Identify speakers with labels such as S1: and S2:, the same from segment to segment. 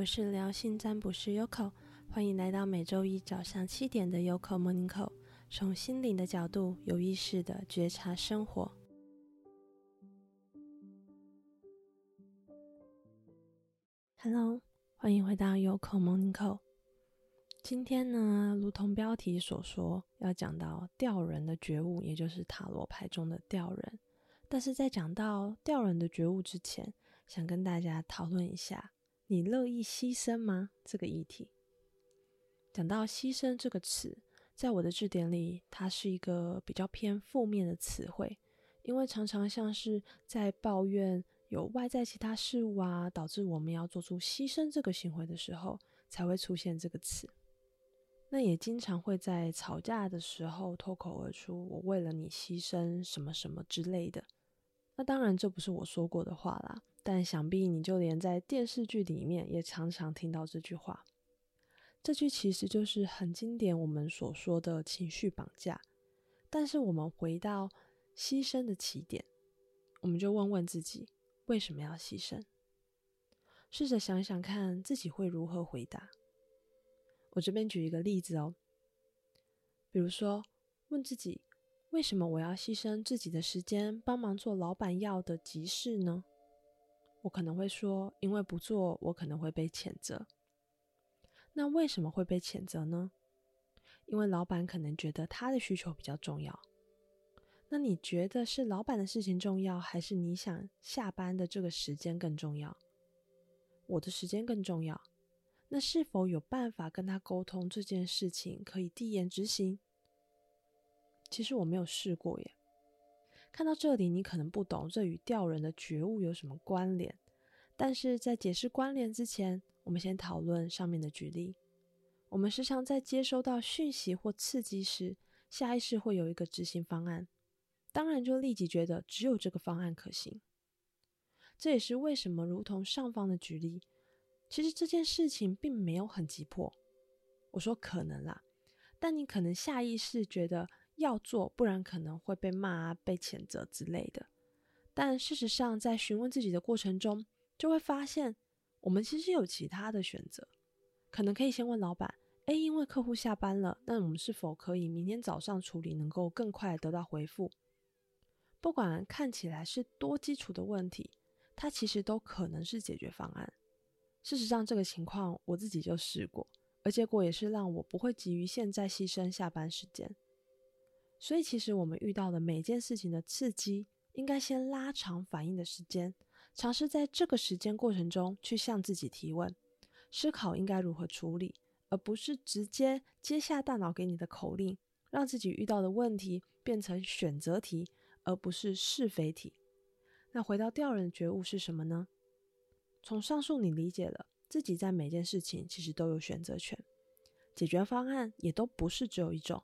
S1: 我是療心占卜師 Yoko，歡迎來到每週一早上七點的 Yoko Morning Call，從心靈的角度有意識的覺察生活。Hello，歡迎回到 Yoko Morning Call。今天呢，如同標題所說，要講到吊人的覺悟，也就是塔羅牌中的吊人。但是在講到吊人的覺悟之前，想跟大家討論一下。你樂意犧牲嗎？這個議題，講到犧牲這個詞，在我的字典裡，它是一個比較偏負面的詞彙，因為常常像是在抱怨有外在其他事物啊，導致我們要做出犧牲這個行為的時候，才會出現這個詞。那也經常會在吵架的時候脫口而出：“我為了你犧牲什麼什麼之類的。”那當然，這不是我說過的話啦。但想必你就連在電視劇裡面也常常聽到這句話。這句其實就是很經典，我們所說的情緒綁架。但是我們回到犧牲的起點，我們就問問自己，為什麼要犧牲？試着想想看，自己會如何回答？我這邊舉一個例子哦，比如說問自己，為什麼我要犧牲自己的時間，幫忙做老板要的急事呢？我可能會說，因為不做，我可能會被譴責。那為什麼會被譴責呢？因為老板可能覺得他的需求比較重要。那你覺得是老板的事情重要，還是你想下班的這個時間更重要？我的時間更重要。那是否有辦法跟他溝通這件事情，可以遞延執行？其實我沒有試過耶。看到這裡，你可能不懂這與吊人的覺悟有什麼關聯。但是在解釋關聯之前，我們先討論上面的舉例。我們時常在接收到訊息或刺激時，下意識會有一個執行方案，當然就立即覺得只有這個方案可行。這也是為什麼，如同上方的舉例，其實這件事情並沒有很急迫。我說可能啦，但你可能下意識覺得。要做，不然可能會被罵、啊，被譴責之類的。但事實上，在詢問自己的過程中，就會發現我們其實有其他的選擇，可能可以先問老闆：“誒，因為客戶下班了，那我們是否可以明天早上處理，能夠更快得到回復？”不管看起來是多基礎的問題，它其實都可能是解決方案。事實上，這個情況我自己就試過，而結果也是讓我不會急於現在犧牲下班時間。所以，其實我們遇到的每件事情的刺激，應該先拉長反應的時間，嘗試在這個時間過程中去向自己提問、思考應該如何處理，而不是直接接下大腦給你的口令，讓自己遇到的問題變成選擇題，而不是是非題。那回到吊人的覺悟是什麼呢？從上述你理解了，自己在每件事情其實都有選擇權，解決方案也都不是只有一種。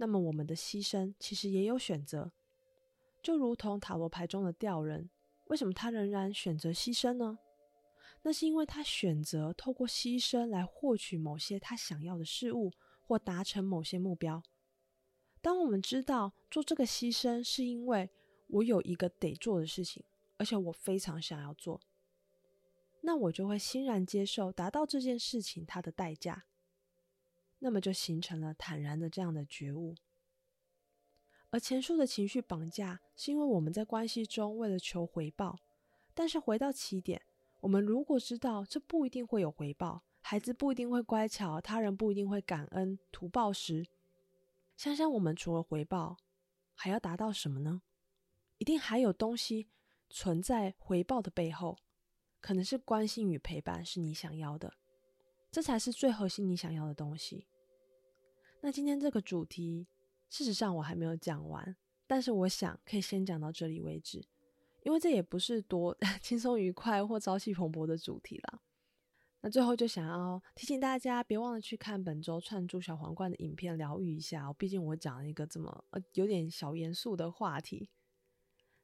S1: 那麼，我們的犧牲其實也有選擇，就如同塔羅牌中的吊人，為什麼他仍然選擇犧牲呢？那是因為他選擇透過犧牲來獲取某些他想要的事物，或達成某些目標。當我們知道做這個犧牲是因為我有一個得做的事情，而且我非常想要做，那我就會欣然接受達到這件事情它的代價。那麼就形成了坦然的這樣的覺悟，而前述的情緒綁架是因為我們在關係中為了求回報。但是回到起點，我們如果知道這不一定會有回報，孩子不一定會乖巧，他人不一定會感恩圖報時，想想我們除了回報，還要達到什麼呢？一定還有東西存在回報的背後，可能是關心與陪伴是你想要的，這才是最核心你想要的東西。那今天這個主題，事實上我還沒有講完，但是我想可以先講到這裡為止，因為這也不是多呵呵輕鬆愉快或朝氣蓬勃的主題啦。那最後就想要提醒大家，別忘了去看本周串珠小皇冠的影片，療癒一下、哦。畢竟我講了一個這麼呃有點小嚴肅的話題。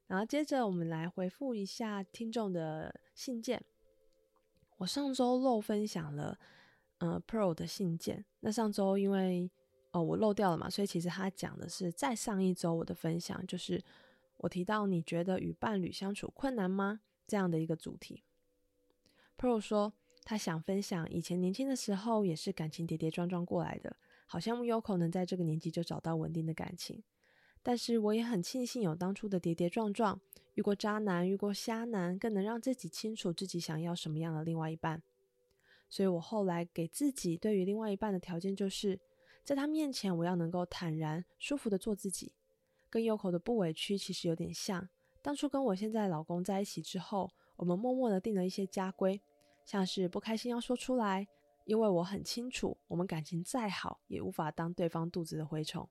S1: 然後接着我們來回復一下聽眾的信件。我上周漏分享了呃 Pro 的信件，那上周因為。哦，我漏掉了嘛，所以其實他講的是再上一周我的分享，就是我提到你覺得與伴侶相處困難嗎？這樣的一個主題。Pro 說他想分享以前年輕的時候也是感情跌跌撞撞過來的，好像 Yoko 能在這個年紀就找到穩定的感情，但是我也很慶幸有當初的跌跌撞撞，遇過渣男，遇過瞎男，更能讓自己清楚自己想要什麼樣的另外一半。所以我後來給自己對於另外一半的條件就是。在他面前，我要能夠坦然、舒服的做自己，跟右口的不委屈其實有點像。當初跟我現在老公在一起之後，我們默默的定了一些家規，像是不開心要說出來，因為我很清楚，我們感情再好，也無法當對方肚子的蛔蟲。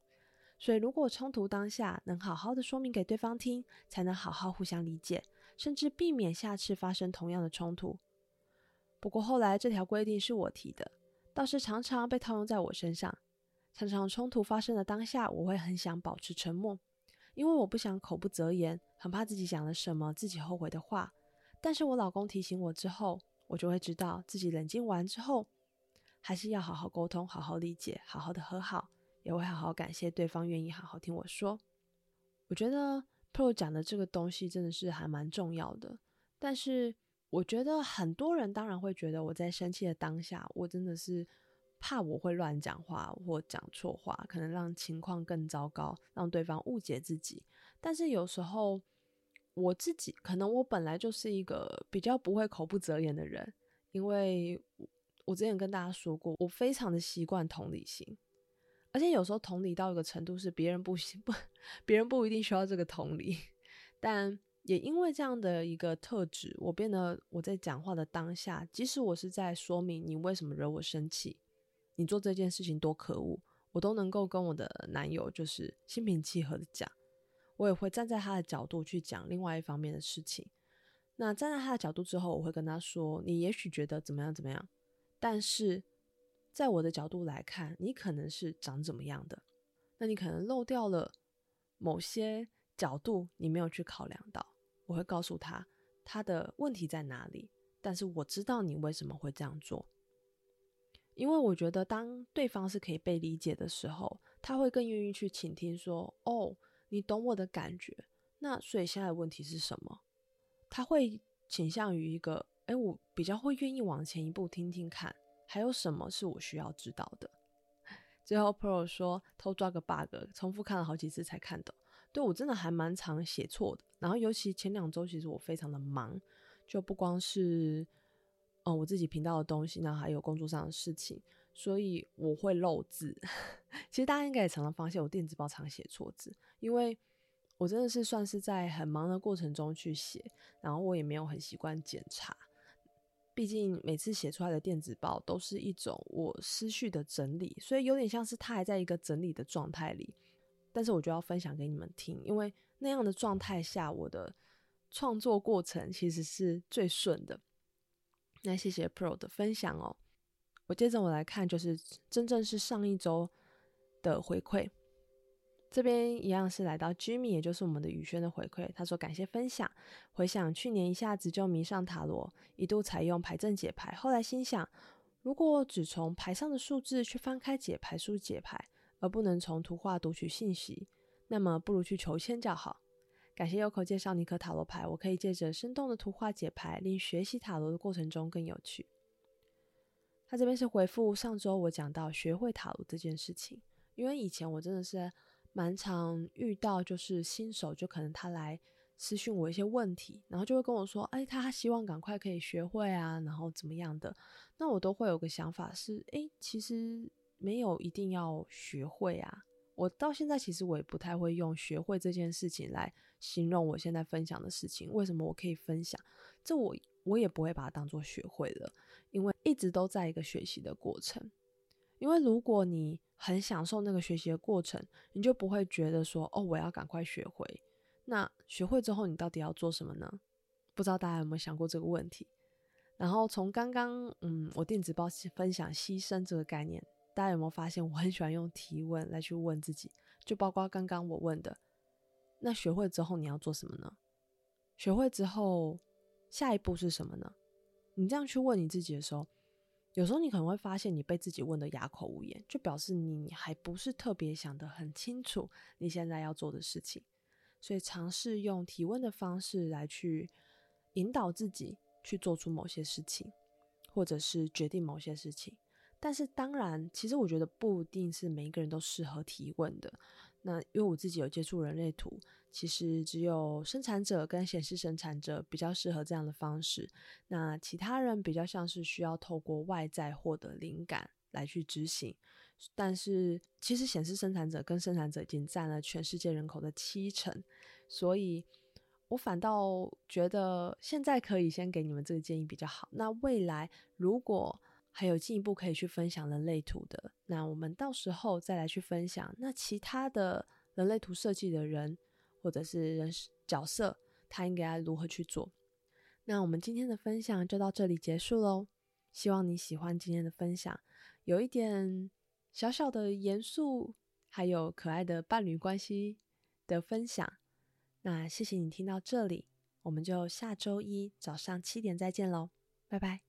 S1: 所以如果衝突當下能好好的說明給對方聽，才能好好互相理解，甚至避免下次發生同樣的衝突。不過後來這條規定是我提的，倒是常常被套用在我身上。常常衝突發生的當下，我會很想保持沉默，因為我不想口不擇言，很怕自己講了什麼自己後悔的話。但是我老公提醒我之後，我就會知道自己冷靜完之後，還是要好好溝通、好好理解、好好的和好，也會好好感謝對方願意好好聽我說。我覺得 Pro 講的這個東西真的是還蠻重要的，但是我覺得很多人當然會覺得我在生氣的當下，我真的是。怕我會亂講話或講錯話，可能讓情況更糟糕，讓對方誤解自己。但是有時候我自己可能我本來就是一個比較不會口不擇言的人，因為我之前跟大家說過，我非常的習慣同理心，而且有時候同理到一個程度是別人不行不，別人不一定需要這個同理，但也因為這樣的一個特質，我變得我在講話的當下，即使我是在說明你為什麼惹我生氣。你做這件事情多可惡，我都能夠跟我的男友就是心平氣和的講，我也會站在他的角度去講另外一方面的事情。那站在他的角度之後，我會跟他說：“你也許覺得怎麼樣怎麼樣，但是在我的角度來看，你可能是長怎麼樣的，那你可能漏掉了某些角度，你沒有去考量到。”我會告訴他他的問題在哪裡，但是我知道你為什麼會這樣做。因為我覺得，當對方是可以被理解的時候，他會更願意去傾聽，說：“哦，你懂我的感覺。”那所以現在的問題是什麼？他會傾向於一個，誒，我比較會願意往前一步，聽聽看，還有什麼是我需要知道的。最後，Pro 說偷抓個 bug，重複看了好幾次才看懂。對，我真的還蠻常寫錯的，然後尤其前兩周，其實我非常的忙，就不光是。哦，我自己頻道的東西，然後還有工作上的事情，所以我會漏字。其實大家應該也常常發現我電子報常寫錯字，因為我真的是算是在很忙的過程中去寫，然後我也沒有很習慣檢查。畢竟每次寫出來的電子報都是一種我思緒的整理，所以有點像是它還在一個整理的狀態裡。但是我就要分享給你們聽，因為那樣的狀態下，我的創作過程其實是最順的。那謝謝 Pro 的分享哦。我接着我來看，就是真正是上一周的回饋。這邊一樣是來到 Jimmy，也就是我們的宇軒的回饋。他說感謝分享，回想去年一下子就迷上塔羅，一度採用牌陣解牌，後來心想如果只從牌上的數字去翻開解牌書解牌，而不能從圖畫讀取信息，那麼不如去求籤較好。感謝 Yoko 介紹尼克塔羅牌，我可以借着生動的圖畫解牌，令學習塔羅的過程中更有趣。他這邊是回復上周我講到學會塔羅這件事情，因為以前我真的是蠻常遇到，就是新手就可能他來私訊我一些問題，然後就會跟我說，哎，他希望趕快可以學會啊，然後怎麼樣的，那我都會有個想法是，哎，其實沒有一定要學會啊。我到現在其實我也不太會用“學會”這件事情來形容我現在分享的事情。為什麼我可以分享？這我我也不會把它當做學會了，因為一直都在一個學習的過程。因為如果你很享受那個學習的過程，你就不會覺得說：“哦，我要趕快學會。”那學會之後，你到底要做什麼呢？不知道大家有沒有想過這個問題？然後從剛剛嗯，我電子報分享“犧牲”這個概念。大家有沒有發現，我很喜歡用提問來去問自己？就包括剛剛我問的，那學會之後你要做什麼呢？學會之後下一步是什麼呢？你這樣去問你自己的時候，有時候你可能會發現你被自己問的啞口無言，就表示你還不是特別想得很清楚你現在要做的事情。所以，嘗試用提問的方式來去引導自己去做出某些事情，或者是決定某些事情。但是當然，其實我覺得不一定是每一個人都適合提問的。那因為我自己有接觸人類圖，其實只有生產者跟顯示生產者比較適合這樣的方式。那其他人比較像是需要透過外在獲得靈感來去執行。但是其實顯示生產者跟生產者已經佔了全世界人口的七成，所以我反倒覺得現在可以先給你們這個建議比較好。那未來如果，還有進一步可以去分享人類圖的，那我們到時候再來去分享。那其他的人類圖設計的人或者是人角色，他應該要如何去做？那我們今天的分享就到這裡結束嘍。希望你喜歡今天的分享，有一點小小的嚴肅，還有可愛的伴侶關係的分享。那謝謝你聽到這裡，我們就下周一早上七點再見嘍，拜拜。